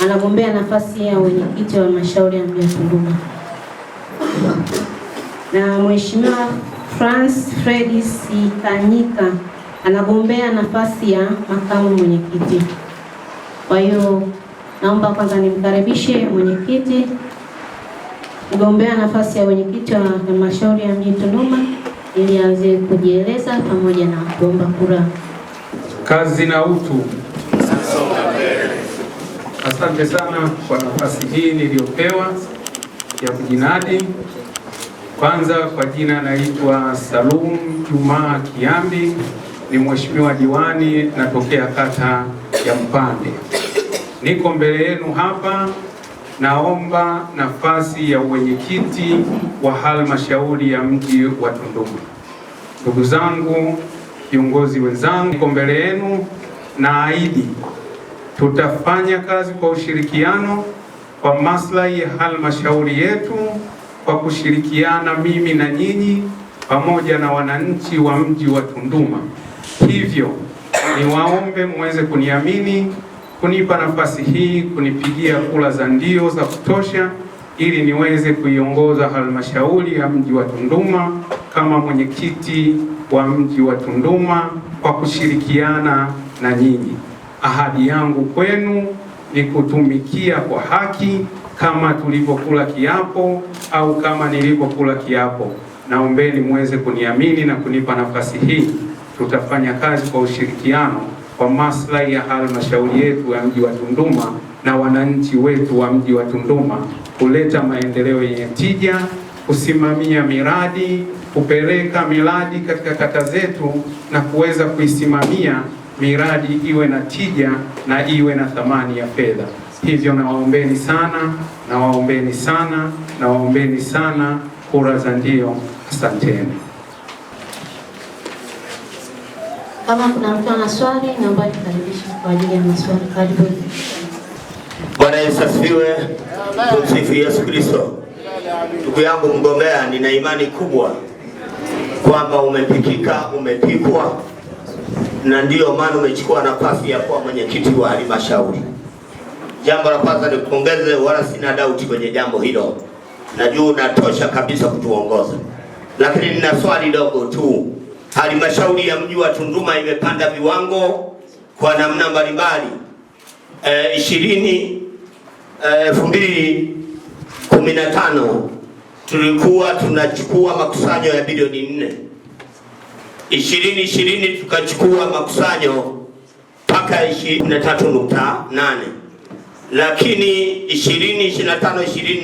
anagombea nafasi ya mwenyekiti wa halmashauri ya mji wa Tunduma, na Mheshimiwa Francis Fredi sikanyika anagombea nafasi ya makamu mwenyekiti. Kwa hiyo naomba kwanza nimkaribishe mwenyekiti mgombea nafasi ya mwenyekiti wa halmashauri ya mji Tunduma ili aweze kujieleza pamoja na kuomba kura. Kazi na utu. Asante sana kwa nafasi hii niliyopewa ya kujinadi. Kwanza kwa jina naitwa Salum Jumaa Kiambi, ni mheshimiwa diwani, natokea kata ya Mpande. Niko mbele yenu hapa, naomba nafasi ya uwenyekiti wa halmashauri ya mji wa Tunduma. Ndugu zangu, viongozi wenzangu, niko mbele yenu, naahidi Tutafanya kazi kwa ushirikiano kwa maslahi ya halmashauri yetu kwa kushirikiana mimi na nyinyi pamoja na wananchi wa mji wa Tunduma. Hivyo niwaombe muweze kuniamini, kunipa nafasi hii, kunipigia kura za ndio za kutosha ili niweze kuiongoza halmashauri ya mji wa Tunduma kama mwenyekiti wa mji wa Tunduma kwa kushirikiana na nyinyi ahadi yangu kwenu ni kutumikia kwa haki kama tulivyokula kiapo au kama nilivyokula kiapo. Naombeni muweze kuniamini na kunipa nafasi hii. Tutafanya kazi kwa ushirikiano kwa maslahi ya halmashauri yetu ya mji wa Tunduma na wananchi wetu wa mji wa Tunduma, kuleta maendeleo yenye tija, kusimamia miradi, kupeleka miradi katika kata zetu na kuweza kuisimamia miradi iwe na tija na iwe na thamani ya fedha. Hivyo nawaombeni sana, nawaombeni sana, nawaombeni sana kura za ndio. Asanteni. Kama kuna mtu swali, kwa ajili ya maswali. Karibu. Bwana Yesu asifiwe. Tumsifu Yesu Kristo. Ndugu yangu mgombea, nina imani kubwa kwamba umepikika, umepikwa na ndiyo maana umechukua nafasi ya kuwa mwenyekiti wa halmashauri. Jambo la kwanza nikupongeze, wala sina doubt kwenye jambo hilo, najua unatosha kabisa kutuongoza, lakini nina swali dogo tu. Halmashauri ya mji wa Tunduma imepanda viwango kwa namna mbalimbali e, ishirini e, elfu mbili kumi na tano tulikuwa tunachukua makusanyo ya bilioni nne ishirini ishirini tukachukua makusanyo mpaka nane lakini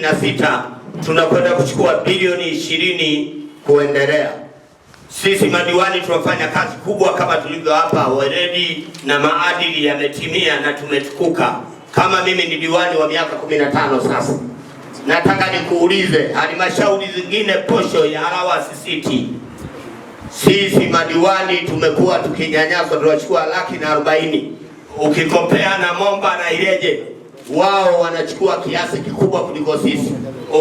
na sita tunakwenda kuchukua bilioni 20 kuendelea. Sisi madiwani tunafanya kazi kubwa kama tulivyo hapa, weledi na maadili yametimia na tumetukuka. Kama mimi ni diwani wa miaka 15 sasa, nataka nikuulize halmashauri zingine posho ya Halawa Sisiti sisi madiwani tumekuwa tukinyanyaswa, tunachukua laki na arobaini ukikopea na Momba na Ileje, wao wanachukua kiasi kikubwa kuliko sisi.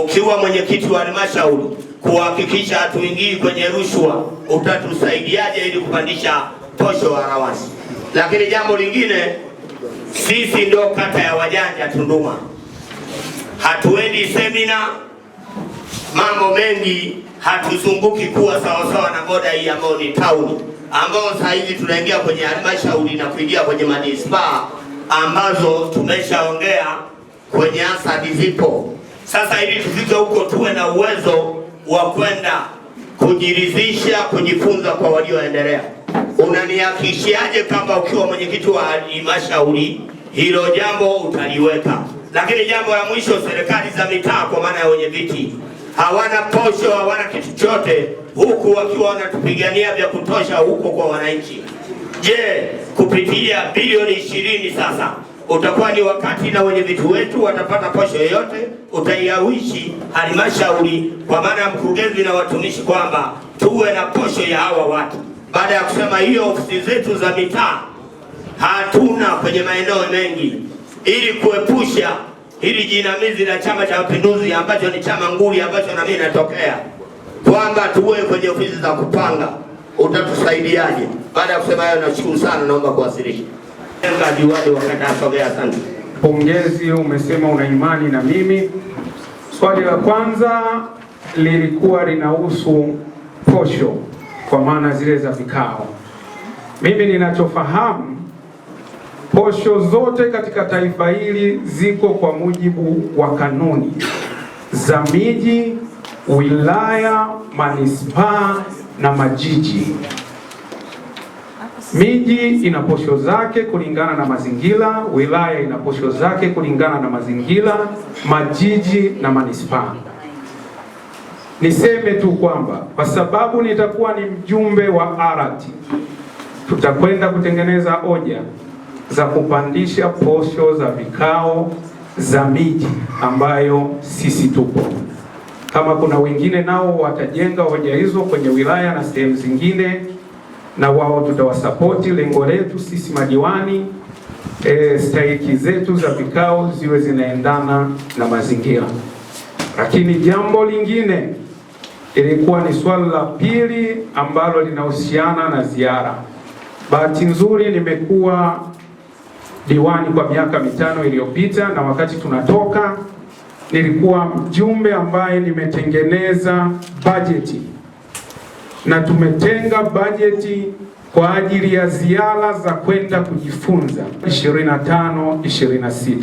Ukiwa mwenyekiti wa halmashauri kuhakikisha hatuingii kwenye rushwa, utatusaidiaje ili kupandisha posho rawasi? Lakini jambo lingine, sisi ndio kata ya wajanja Tunduma, hatuendi semina, mambo mengi hatuzunguki kuwa sawasawa na boda hii ambayo ni tauni, ambayo sasa hivi tunaingia kwenye halmashauri na kuingia kwenye manispaa ambazo tumeshaongea kwenye asadi zipo. Sasa ili tufike huko, tuwe na uwezo wa kwenda kujiridhisha, kujifunza kwa walioendelea. Unanihakikishiaje kama ukiwa mwenyekiti wa halmashauri hilo jambo utaliweka? Lakini jambo la mwisho, serikali za mitaa kwa maana ya wenyeviti hawana posho, hawana kitu chote, huku wakiwa wanatupigania vya kutosha huko kwa wananchi. Je, kupitia bilioni ishirini sasa utakuwa ni wakati na wenye vitu wetu watapata posho yoyote? Utaiawishi halmashauri kwa maana ya mkurugenzi na watumishi kwamba tuwe na posho ya hawa watu. Baada ya kusema hiyo, ofisi zetu za mitaa hatuna kwenye maeneo mengi, ili kuepusha hili jinamizi la Chama cha Mapinduzi ambacho ni chama nguli ambacho na mimi natokea, kwamba tuwe kwenye ofisi za kupanga, utatusaidiaje? Baada ya kusema hayo, nashukuru sana, naomba kuwasilisha juwadi wakataasogea sana. Pongezi, umesema una imani na mimi. Swali la kwanza lilikuwa linahusu posho kwa maana zile za vikao. Mimi ninachofahamu Posho zote katika taifa hili ziko kwa mujibu wa kanuni za miji, wilaya, manispaa na majiji. Miji ina posho zake kulingana na mazingira, wilaya ina posho zake kulingana na mazingira, majiji na manispaa. Niseme tu kwamba kwa sababu nitakuwa ni mjumbe wa ARAT, tutakwenda kutengeneza hoja za kupandisha posho za vikao za miji ambayo sisi tupo. Kama kuna wengine nao watajenga hoja hizo kwenye wilaya na sehemu zingine, na wao tutawasapoti. Lengo letu sisi madiwani e, stahiki zetu za vikao ziwe zinaendana na mazingira. Lakini jambo lingine ilikuwa ni swala la pili ambalo linahusiana na ziara. Bahati nzuri nimekuwa diwani kwa miaka mitano iliyopita, na wakati tunatoka nilikuwa mjumbe ambaye nimetengeneza bajeti na tumetenga bajeti kwa ajili ya ziara za kwenda kujifunza 25 26.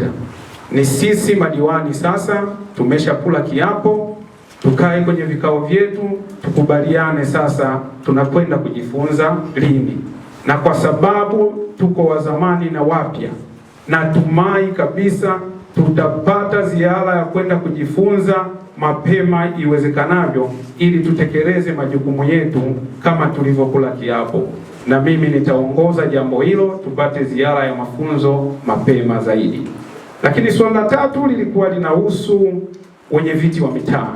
Ni sisi madiwani sasa tumeshakula kiapo, tukae kwenye vikao vyetu tukubaliane sasa tunakwenda kujifunza lini, na kwa sababu tuko wa zamani na wapya, natumai kabisa tutapata ziara ya kwenda kujifunza mapema iwezekanavyo, ili tutekeleze majukumu yetu kama tulivyokula kiapo, na mimi nitaongoza jambo hilo, tupate ziara ya mafunzo mapema zaidi. Lakini swali la tatu lilikuwa linahusu wenyeviti wa mitaa.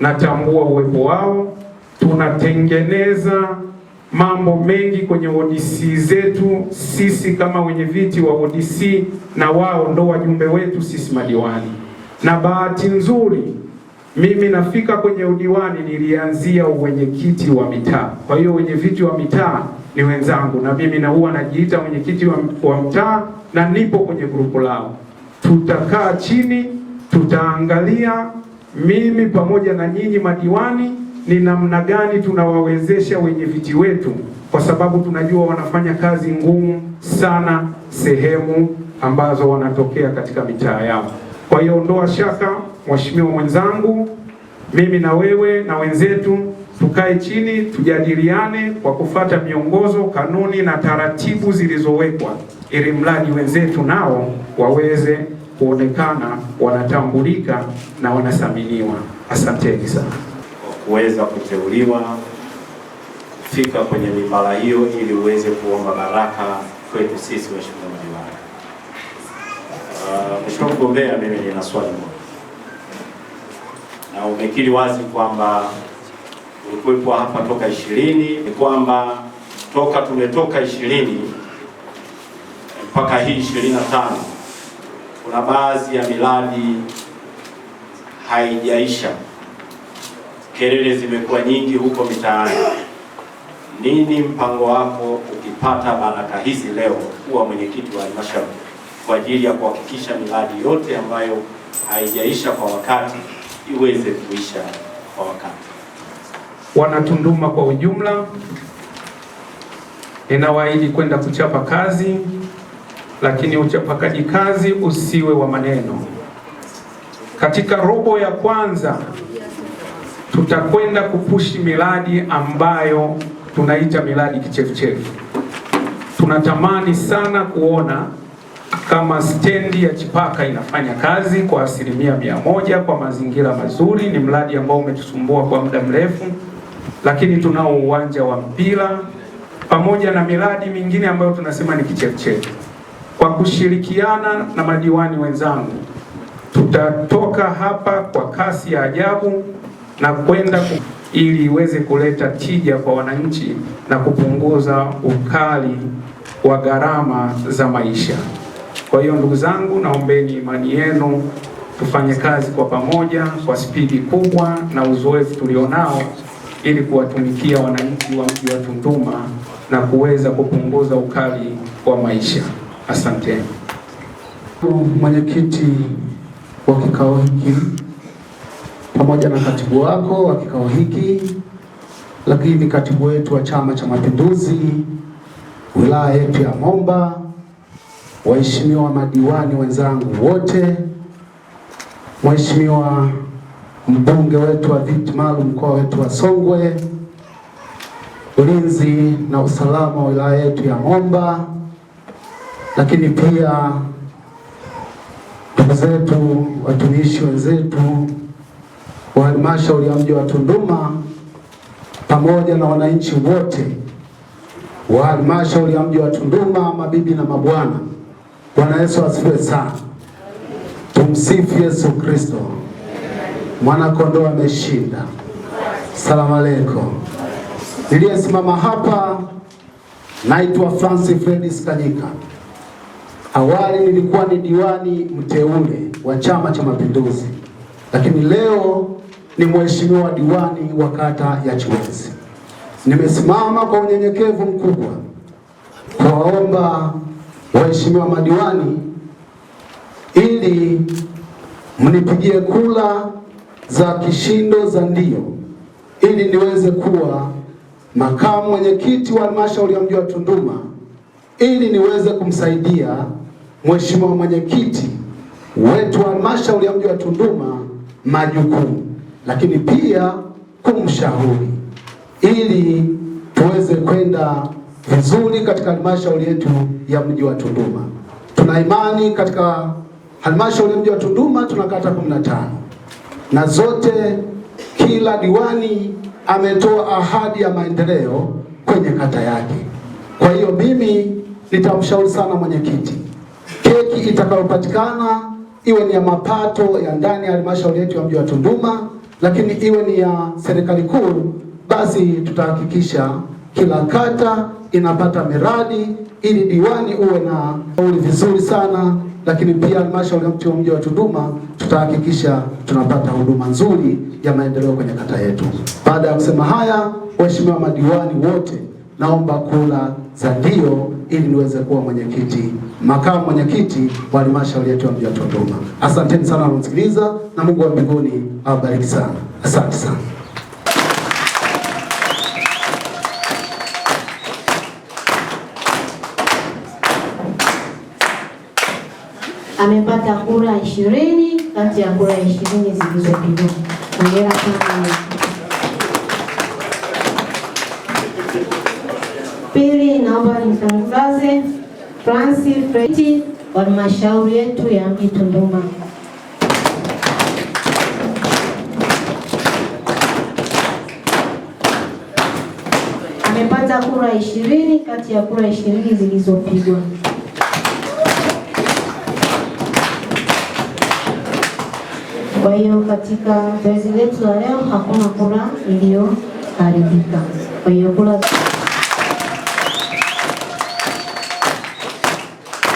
Natambua uwepo wao, tunatengeneza mambo mengi kwenye ODC zetu, sisi kama wenye viti wa ODC na wao ndo wajumbe wetu sisi madiwani. Na bahati nzuri mimi nafika kwenye udiwani, nilianzia uwenyekiti wa mitaa, kwa hiyo wenye viti wa mitaa ni wenzangu, na mimi na huwa najiita mwenyekiti wa, wa mtaa na nipo kwenye grupu lao. Tutakaa chini, tutaangalia mimi pamoja na nyinyi madiwani ni namna gani tunawawezesha wenye viti wetu, kwa sababu tunajua wanafanya kazi ngumu sana sehemu ambazo wanatokea katika mitaa yao. Kwa hiyo ondoa shaka, mheshimiwa mwenzangu, mimi na wewe na wenzetu tukae chini tujadiliane kwa kufata miongozo, kanuni na taratibu zilizowekwa, ili mradi wenzetu nao waweze kuonekana wanatambulika na wanathaminiwa. Asanteni sana kuweza kuteuliwa kufika kwenye mimbara hiyo ili uweze kuomba baraka kwetu sisi waheshimiwa madiwani. Uh, Mheshimiwa mgombea, mimi nina swali moja, na umekiri wazi kwamba ulikuwepo hapa toka ishirini, ni kwamba toka tumetoka ishirini mpaka hii ishirini na tano kuna baadhi ya miradi haijaisha kelele zimekuwa nyingi huko mitaani. Nini mpango wako ukipata baraka hizi leo kuwa mwenyekiti wa halmashauri kwa ajili ya kuhakikisha miradi yote ambayo haijaisha kwa wakati iweze kuisha kwa wakati? Wanatunduma kwa ujumla, ninawaahidi kwenda kuchapa kazi, lakini uchapakaji kazi usiwe wa maneno. Katika robo ya kwanza tutakwenda kupushi miradi ambayo tunaita miradi kichefuchefu. Tunatamani sana kuona kama stendi ya Chipaka inafanya kazi kwa asilimia mia moja kwa mazingira mazuri. Ni mradi ambao umetusumbua kwa muda mrefu, lakini tunao uwanja wa mpira pamoja na miradi mingine ambayo tunasema ni kichefuchefu. Kwa kushirikiana na madiwani wenzangu, tutatoka hapa kwa kasi ya ajabu na kwenda ili iweze kuleta tija kwa wananchi na kupunguza ukali wa gharama za maisha. Kwa hiyo ndugu zangu, naombeni imani yenu, tufanye kazi kwa pamoja kwa spidi kubwa na uzoefu tulionao ili kuwatumikia wananchi wa mji wa Tunduma na kuweza kupunguza ukali wa maisha. Asanteni. Mwenyekiti wa kikao hiki pamoja na katibu wako wa kikao hiki, lakini katibu wetu wa Chama cha Mapinduzi wilaya yetu ya Momba, waheshimiwa madiwani wenzangu wote, mheshimiwa mbunge wetu wa viti maalum mkoa wetu wa Songwe, ulinzi na usalama wa wilaya yetu ya Momba, lakini pia ndugu zetu watumishi wenzetu wa halmashauri ya mji wa Tunduma pamoja na wananchi wote wa halmashauri ya mji wa Tunduma, mabibi na mabwana. Bwana Yesu asifiwe sana. Tumsifu Yesu Kristo. Mwana kondoo ameshinda. Salamu aleikum. Niliyesimama hapa naitwa Francis Fredis Kanyika. Awali nilikuwa ni diwani mteule wa Chama cha Mapinduzi, lakini leo ni mheshimiwa diwani wa kata ya Chiwezi. Nimesimama kwa unyenyekevu mkubwa kuwaomba waheshimiwa madiwani ili mnipigie kula za kishindo za ndio, ili niweze kuwa makamu mwenyekiti wa halmashauri ya mji wa Tunduma, ili niweze kumsaidia mheshimiwa mwenyekiti wetu wa halmashauri ya mji wa Tunduma majukumu lakini pia kumshauri ili tuweze kwenda vizuri katika halmashauri yetu ya mji wa Tunduma. Tuna imani katika halmashauri ya mji wa Tunduma tuna kata 15 na zote, kila diwani ametoa ahadi ya maendeleo kwenye kata yake. Kwa hiyo mimi nitamshauri sana mwenyekiti, keki itakayopatikana iwe ni ya mapato ya ndani ya halmashauri yetu ya mji wa Tunduma lakini iwe ni ya serikali kuu, basi tutahakikisha kila kata inapata miradi ili diwani uwe na kauli vizuri sana, lakini pia halmashauri ya mji wa mji wa Tunduma tutahakikisha tunapata huduma nzuri ya maendeleo kwenye kata yetu. Baada ya kusema haya, waheshimiwa madiwani wote, naomba kura za ndio ili niweze kuwa mwenyekiti, makamu mwenyekiti wa halmashauri yetu ya mji wa Dodoma. Asanteni sana wanaonisikiliza, na Mungu wa mbinguni awabariki sana. Asante sana. Amepata kura ishirini kati ya kura ishirini zilizopigwa. Hongera sana. Pili naomba nimtangaze Francis Freti wa halmashauri yetu ya mji Tunduma. Amepata kura ishirini kati ya kura ishirini zilizopigwa. Kwa hiyo katika zoezi letu la leo hakuna kura iliyoharibika. Kwa hiyo kura